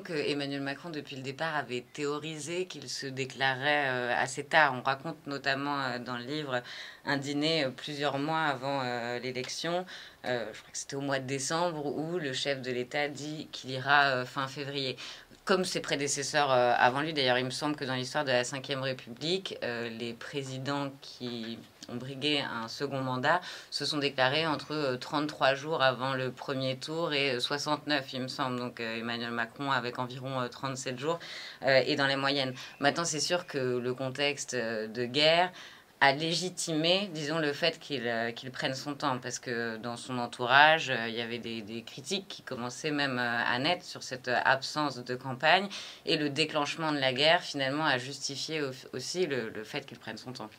que Emmanuel Macron, depuis le départ, avait théorisé qu'il se déclarait euh, assez tard. On raconte notamment euh, dans le livre un dîner euh, plusieurs mois avant l'élection. je crois que c'était au mois de décembre où le chef de l'État dit qu'il ira fin février comme ses prédécesseurs avant lui. D'ailleurs, il me semble que dans l'histoire de la Ve République, les présidents qui ont brigué un second mandat se sont déclarés entre 33 euh, jours avant le premier tour et 69, il me semble. Donc euh, Emmanuel Macron avec environ 37 euh, jours et dans les moyennes. Maintenant, c'est sûr que le contexte de guerre a légitimé, disons, le fait qu'il prenne son temps, parce que dans son entourage, il y avait des, critiques qui commençaient même à naître sur cette absence de campagne, et le déclenchement de la guerre, finalement, a justifié aussi le fait qu'il prenne son temps.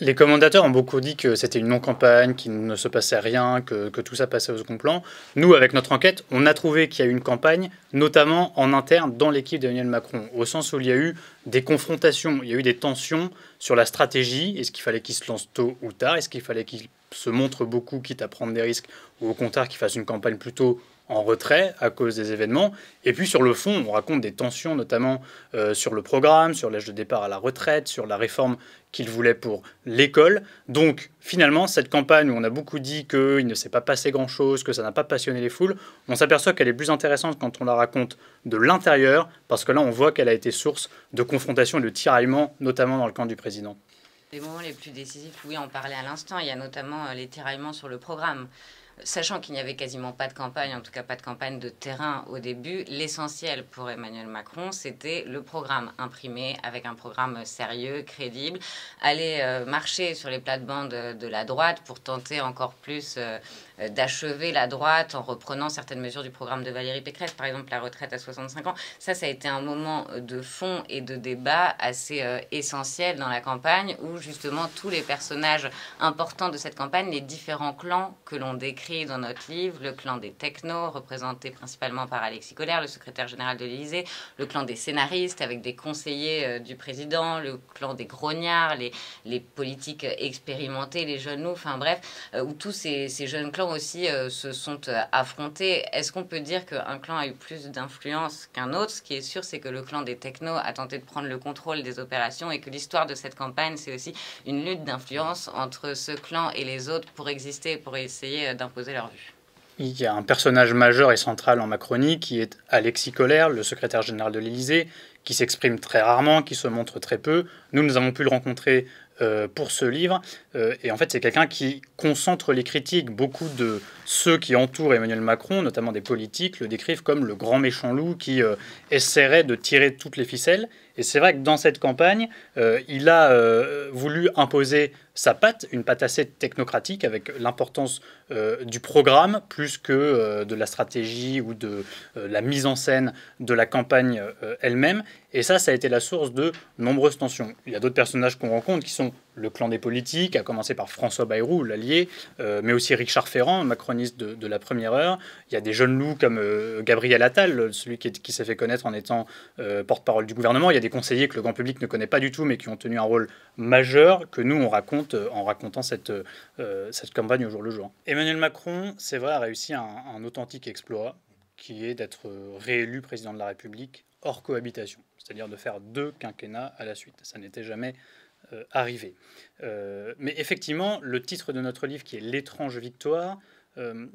Les commentateurs ont beaucoup dit que c'était une non-campagne, qu'il ne se passait rien, que, tout ça passait au second plan. Nous, avec notre enquête, on a trouvé qu'il y a eu une campagne, notamment en interne dans l'équipe de d'Emmanuel Macron, au sens où il y a eu des confrontations, il y a eu des tensions sur la stratégie. Est-ce qu'il fallait qu'il se lance tôt ou tard Est-ce qu'il fallait qu'il se montre beaucoup, quitte à prendre des risques, ou au contraire qu'il fasse une campagne plutôt en retrait à cause des événements. Et puis sur le fond, on raconte des tensions, notamment euh, sur le programme, sur l'âge de départ à la retraite, sur la réforme qu'il voulait pour l'école. Donc finalement, cette campagne où on a beaucoup dit qu'il ne s'est pas passé grand-chose, que ça n'a pas passionné les foules, on s'aperçoit qu'elle est plus intéressante quand on la raconte de l'intérieur, parce que là, on voit qu'elle a été source de confrontation et de tiraillements, notamment dans le camp du président. Les moments les plus décisifs, oui, on parlait à l'instant, il y a notamment euh, les tiraillements sur le programme sachant qu'il n'y avait quasiment pas de campagne, en tout cas pas de campagne de terrain au début, l'essentiel pour Emmanuel Macron, c'était le programme imprimé avec un programme sérieux, crédible, aller euh, marcher sur les plates-bandes de la droite pour tenter encore plus euh, d'achever la droite en reprenant certaines mesures du programme de Valérie Pécresse, par exemple la retraite à 65 ans. Ça, ça a été un moment de fond et de débat assez euh, essentiel dans la campagne où justement tous les personnages importants de cette campagne, les différents clans que l'on décrit, dans notre livre le clan des technos, représenté principalement par Alexis Collère, le secrétaire général de l'Élysée, le clan des scénaristes avec des conseillers euh, du président, le clan des grognards, les, les politiques expérimentés, les jeunes loups, enfin bref, euh, où tous ces, ces, jeunes clans aussi euh, se sont affrontés. Est-ce qu'on peut dire qu'un clan a eu plus d'influence qu'un autre Ce qui est sûr, c'est que le clan des technos a tenté de prendre le contrôle des opérations et que l'histoire de cette campagne, c'est aussi une lutte d'influence entre ce clan et les autres pour exister, pour essayer il y a un personnage majeur et central en Macronie qui est Alexis Colère, le secrétaire général de l'Élysée, qui s'exprime très rarement, qui se montre très peu. Nous, nous avons pu le rencontrer euh, pour ce livre. Euh, et en fait, c'est quelqu'un qui concentre les critiques. Beaucoup de ceux qui entourent Emmanuel Macron, notamment des politiques, le décrivent comme le grand méchant loup qui euh, essaierait de tirer toutes les ficelles. Et c'est vrai que dans cette campagne, euh, il a euh, voulu imposer sa patte, une patte assez technocratique, avec l'importance euh, du programme plus que de la stratégie ou de la mise en scène de la campagne elle-même. Et ça, ça a été la source de nombreuses tensions. Il y a d'autres personnages qu'on rencontre qui sont le clan des politiques, à commencer par François Bayrou, l'allié, euh, mais aussi Richard Ferrand, macroniste de, la première heure. Il y a des jeunes loups comme euh, Gabriel Attal, celui qui, s'est fait connaître en étant euh, porte-parole du gouvernement. Il y a des conseillers que le grand public ne connaît pas du tout, mais qui ont tenu un rôle majeur que nous, on raconte en racontant cette, cette campagne au jour le jour. Emmanuel Macron, c'est vrai, a réussi un authentique exploit, qui est d'être réélu président de la République hors cohabitation c'est-à-dire de faire deux quinquennats à la suite. Ça n'était jamais euh, arrivé. Euh, mais effectivement, le titre de notre livre, qui est L'étrange victoire, euh,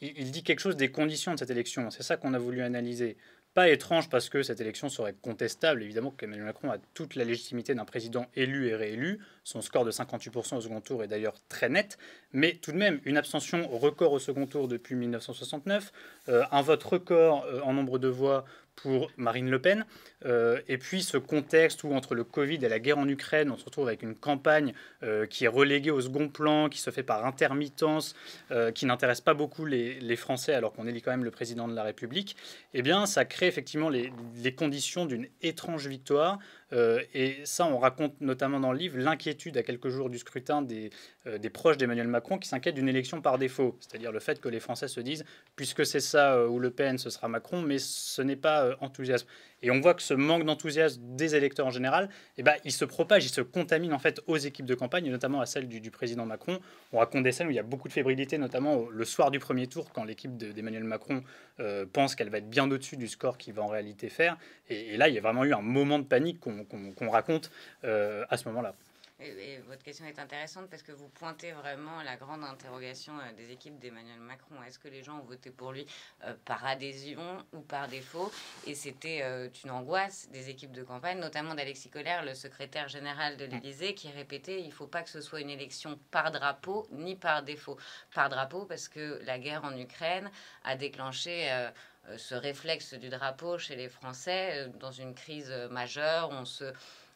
il, dit quelque chose des conditions de cette élection. C'est ça qu'on a voulu analyser. Pas étrange parce que cette élection serait contestable, évidemment, qu'Emmanuel Macron a toute la légitimité d'un président élu et réélu. Son score de 58% au second tour est d'ailleurs très net, mais tout de même, une abstention record au second tour depuis 1969, un vote record en nombre de voix pour Marine Le Pen. Euh, et puis ce contexte où entre le Covid et la guerre en Ukraine, on se retrouve avec une campagne euh, qui est reléguée au second plan, qui se fait par intermittence, euh, qui n'intéresse pas beaucoup les, Français alors qu'on élit quand même le président de la République, eh bien ça crée effectivement les conditions d'une étrange victoire euh, et ça, on raconte notamment dans le livre l'inquiétude à quelques jours du scrutin des, euh, des proches d'Emmanuel Macron qui s'inquiètent d'une élection par défaut. C'est-à-dire le fait que les Français se disent, puisque c'est ça euh, ou Le Pen, ce sera Macron, mais ce n'est pas enthousiasme. Et on voit que ce manque d'enthousiasme des électeurs en général, eh ben, il se propage, il se contamine en fait aux équipes de campagne, notamment à celle du, président Macron. On raconte des scènes où il y a beaucoup de fébrilité, notamment le soir du premier tour, quand l'équipe d'Emmanuel Macron euh, pense qu'elle va être bien au-dessus du score qu'il va en réalité faire. Et, là, il y a vraiment eu un moment de panique qu'on raconte euh, à ce moment-là. Et, votre question est intéressante parce que vous pointez vraiment la grande interrogation euh, des équipes d'Emmanuel Macron. Est-ce que les gens ont voté pour lui euh, par adhésion ou par défaut Et c'était euh, une angoisse des équipes de campagne, notamment d'Alexis Collère, le secrétaire général de l'Élysée, qui répétait il ne faut pas que ce soit une élection par drapeau ni par défaut. Par drapeau parce que la guerre en Ukraine a déclenché ce réflexe du drapeau chez les Français dans une crise majeure. On se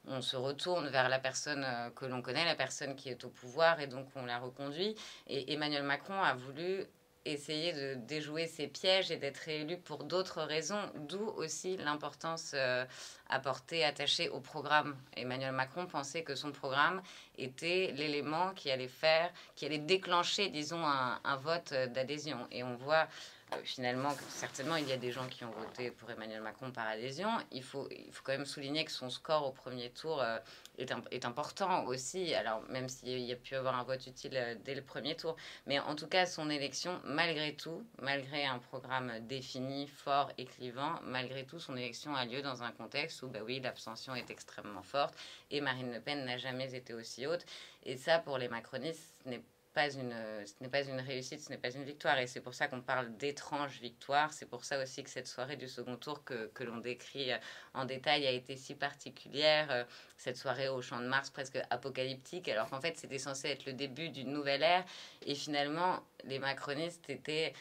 on se retourne vers la personne euh, que l'on connaît, la personne qui est au pouvoir, et donc on la reconduit. Et Emmanuel Macron a voulu essayer de déjouer ces pièges et d'être réélu pour d'autres raisons, d'où aussi l'importance euh, apportée, attachée au programme. Emmanuel Macron pensait que son programme était l'élément qui allait faire, qui allait déclencher, disons, un, un vote d'adhésion. Et on voit euh, finalement, certainement, il y a des gens qui ont voté pour Emmanuel Macron par adhésion. Il faut, il faut quand même souligner que son score au premier tour euh, est, est important aussi. Alors, même s'il y a pu avoir un vote utile euh, dès le premier tour, mais en tout cas, son élection, malgré tout, malgré un programme défini, fort et clivant, malgré tout, son élection a lieu dans un contexte où, bah oui, l'abstention est extrêmement forte et Marine Le Pen n'a jamais été aussi haute. Et ça, pour les macronistes, ce n'est pas pas une, euh, ce n'est pas une réussite, ce n'est pas une victoire. Et c'est pour ça qu'on parle d'étrange victoire. C'est pour ça aussi que cette soirée du second tour que, que l'on décrit euh, en détail a été si particulière. Euh, cette soirée au Champ de Mars presque apocalyptique, alors qu'en fait c'était censé être le début d'une nouvelle ère. Et finalement, les macronistes étaient...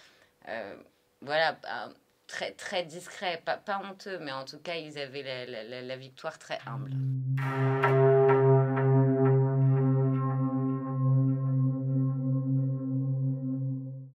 voilà, très, très discrets, pas, pas honteux, mais en tout cas, ils avaient la, la, la victoire très humble.